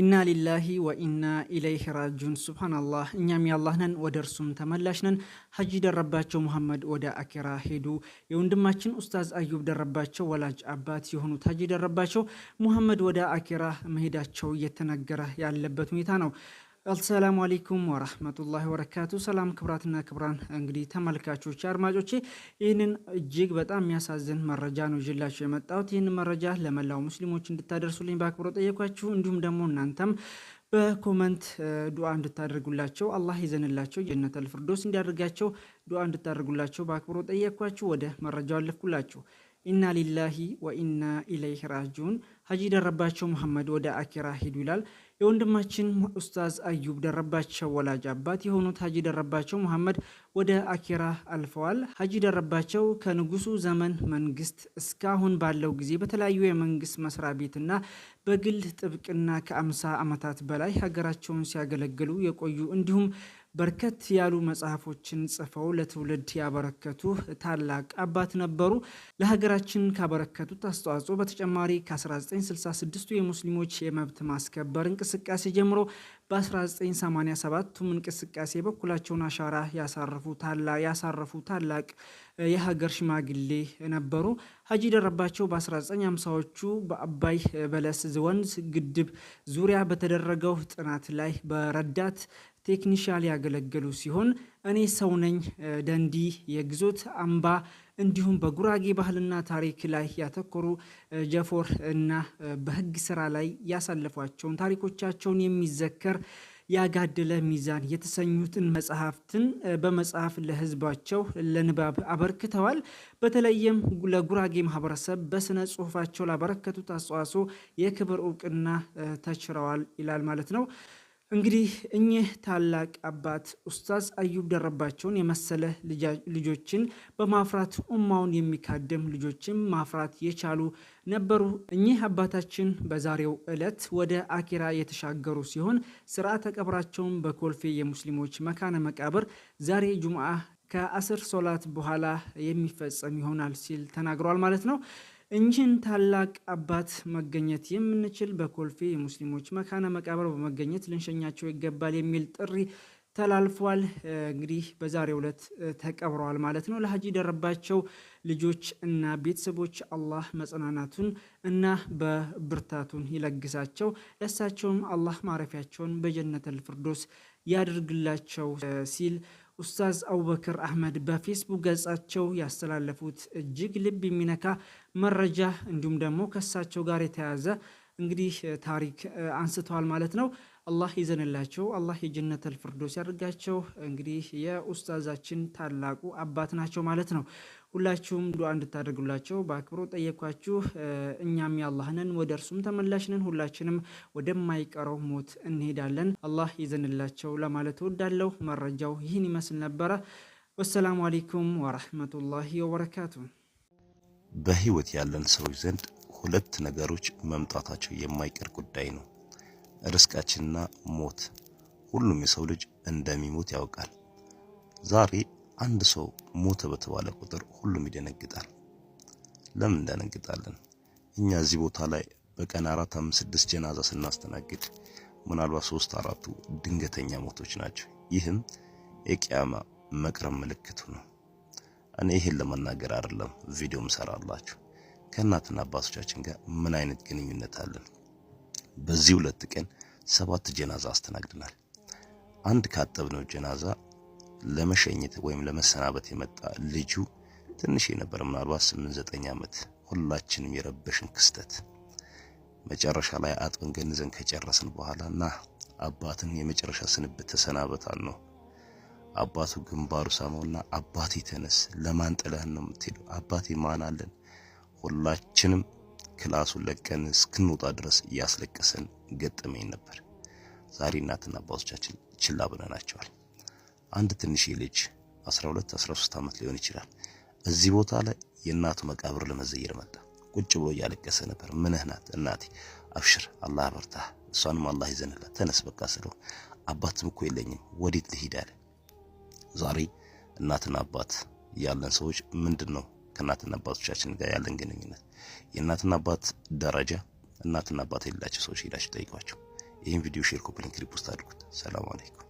ኢና ሊላሂ ወኢና ኢለይህ ራጁን። ሱብሃናላህ እኛም ያላህ ነን ወደ እርሱም ተመላሽ ነን። ሀጂ ደረባቸው መሐመድ ወደ አኪራ ሄዱ። የወንድማችን ኡስታዝ አዩብ ደረባቸው ወላጅ አባት የሆኑት ሐጂ ደረባቸው መሐመድ ወደ አኪራ መሄዳቸው እየተነገረ ያለበት ሁኔታ ነው። አሰላሙ አሌይኩም ወራህመቱላሂ ወበረካቱ። ሰላም ክብራትና ክብራን እንግዲህ ተመልካቾች አድማጮቼ፣ ይህንን እጅግ በጣም የሚያሳዝን መረጃ ነው ይዤላችሁ የመጣሁት። ይህንን መረጃ ለመላው ሙስሊሞች እንድታደርሱልኝ በአክብሮ ጠየኳችሁ። እንዲሁም ደግሞ እናንተም በኮመንት ዱዓ እንድታደርጉላቸው አላህ ይዘንላቸው ጀነተል እንዲያደርጋቸው ዱዓ እንድታደርጉላቸው በአክብሮ ጠየኳችሁ። ወደ መረጃው አለፍኩላችሁ። ኢና ሊላሂ ወኢና ኢለይህ ራጅዑን ሀጂ ደረባቸው መሐመድ ወደ አኪራ ሂዱ ይላል። የወንድማችን ኡስታዝ አዩብ ደረባቸው ወላጅ አባት የሆኑት ሀጂ ደረባቸው መሐመድ ወደ አኪራ አልፈዋል። ሀጂ ደረባቸው ከንጉሱ ዘመን መንግስት እስካሁን ባለው ጊዜ በተለያዩ የመንግስት መስሪያ ቤትና በግል ጥብቅና ከአምሳ ዓመታት በላይ ሀገራቸውን ሲያገለግሉ የቆዩ እንዲሁም በርከት ያሉ መጽሐፎችን ጽፈው ለትውልድ ያበረከቱ ታላቅ አባት ነበሩ። ለሀገራችን ካበረከቱት አስተዋጽኦ በተጨማሪ ከ1966ቱ የሙስሊሞች የመብት ማስከበር እንቅስቃሴ ጀምሮ በ1987ቱም እንቅስቃሴ በኩላቸውን አሻራ ያሳረፉ ታላቅ የሀገር ሽማግሌ ነበሩ። ሀጂ ደረባቸው በ1950ዎቹ በአባይ በለስ ወንዝ ግድብ ዙሪያ በተደረገው ጥናት ላይ በረዳት ቴክኒሻል ያገለገሉ ሲሆን እኔ ሰው ነኝ ደንዲ፣ የግዞት አምባ እንዲሁም በጉራጌ ባህልና ታሪክ ላይ ያተኮሩ ጀፎር እና በህግ ስራ ላይ ያሳለፏቸውን ታሪኮቻቸውን የሚዘከር ያጋደለ ሚዛን የተሰኙትን መጽሐፍትን በመጽሐፍ ለህዝባቸው ለንባብ አበርክተዋል። በተለይም ለጉራጌ ማህበረሰብ በስነ ጽሁፋቸው ላበረከቱት አስተዋጽኦ የክብር እውቅና ተችረዋል ይላል ማለት ነው። እንግዲህ እኚህ ታላቅ አባት ኡስታዝ አዩብ ደረባቸውን የመሰለ ልጆችን በማፍራት ኡማውን የሚካድም ልጆችን ማፍራት የቻሉ ነበሩ። እኚህ አባታችን በዛሬው ዕለት ወደ አኪራ የተሻገሩ ሲሆን ስርዓተ ቀብራቸውን በኮልፌ የሙስሊሞች መካነ መቃብር ዛሬ ጁምዓ ከአስር ሶላት በኋላ የሚፈጸም ይሆናል ሲል ተናግሯል ማለት ነው። እኚህን ታላቅ አባት መገኘት የምንችል በኮልፌ የሙስሊሞች መካነ መቃብር በመገኘት ልንሸኛቸው ይገባል የሚል ጥሪ ተላልፏል። እንግዲህ በዛሬው ዕለት ተቀብረዋል ማለት ነው። ለሀጂ ደረባቸው ልጆች እና ቤተሰቦች አላህ መጽናናቱን እና በብርታቱን ይለግሳቸው። ለእሳቸውም አላህ ማረፊያቸውን በጀነተል ፍርዶስ ያድርግላቸው ሲል ኡስታዝ አቡበክር አህመድ በፌስቡክ ገጻቸው ያስተላለፉት እጅግ ልብ የሚነካ መረጃ እንዲሁም ደግሞ ከእሳቸው ጋር የተያያዘ እንግዲህ ታሪክ አንስተዋል ማለት ነው። አላህ ይዘንላቸው፣ አላህ የጀነት ፍርዶስ ያደርጋቸው። እንግዲህ የኡስታዛችን ታላቁ አባት ናቸው ማለት ነው። ሁላችሁም ዱዓ እንድታደርጉላቸው በአክብሮ ጠየኳችሁ። እኛም ያላህነን ወደ እርሱም ተመላሽነን ሁላችንም ወደማይቀረው ሞት እንሄዳለን። አላህ ይዘንላቸው ለማለት እወዳለሁ። መረጃው ይህን ይመስል ነበረ። ወሰላሙ አሌይኩም ወረህመቱላሂ ወበረካቱ። በህይወት ያለን ሰዎች ዘንድ ሁለት ነገሮች መምጣታቸው የማይቀር ጉዳይ ነው፣ ርስቃችንና ሞት። ሁሉም የሰው ልጅ እንደሚሞት ያውቃል። ዛሬ አንድ ሰው ሞተ በተባለ ቁጥር ሁሉም ይደነግጣል። ለምን እንደነግጣለን? እኛ እዚህ ቦታ ላይ በቀን አራት አምስት ስድስት ጀናዛ ስናስተናግድ ምናልባት ሶስት አራቱ ድንገተኛ ሞቶች ናቸው። ይህም የቅያማ መቅረብ ምልክቱ ነው። እኔ ይህን ለመናገር አይደለም ቪዲዮም ሰራላችሁ። ከእናትና አባቶቻችን ጋር ምን አይነት ግንኙነት አለን? በዚህ ሁለት ቀን ሰባት ጀናዛ አስተናግድናል። አንድ ካጠብነው ጀናዛ ለመሸኘት ወይም ለመሰናበት የመጣ ልጁ ትንሽ የነበረ ምናልባት ስምንት ዘጠኝ ዓመት ሁላችንም የረበሽን ክስተት መጨረሻ ላይ አጥበን ገንዘን ከጨረስን በኋላ ና አባትን የመጨረሻ ስንብት ተሰናበታል ነው። አባቱ ግንባሩ ሳመውና አባቴ ተነስ፣ ለማን ጥለህን ነው የምትሄደው? አባቴ ማን አለን? ሁላችንም ክላሱን ለቀን እስክንወጣ ድረስ እያስለቀሰን ገጠመኝ ነበር። ዛሬ እናትና አባቶቻችን ችላ ብለናቸዋል። አንድ ትንሽ ልጅ 12 13 ዓመት ሊሆን ይችላል። እዚህ ቦታ ላይ የእናቱ መቃብር ለመዘየር መጣ። ቁጭ ብሎ እያለቀሰ ነበር። ምንህ ናት እናቴ? አብሽር፣ አላህ በርታ እሷንም አላህ ይዘንላት። ተነስ በቃ ስለው አባትም እኮ የለኝም ወዴት ልሂድ አለ። ዛሬ እናትና አባት ያለን ሰዎች ምንድን ነው ከእናትና አባቶቻችን ጋር ያለን ግንኙነት? የእናትና አባት ደረጃ እናትና አባት የሌላቸው ሰዎች ሄዳችሁ ጠይቋቸው። ይህን ቪዲዮ ሼር፣ ኮፒ ሊንክ፣ ሪፖስት አድርጉት። ሰላም አለይኩም።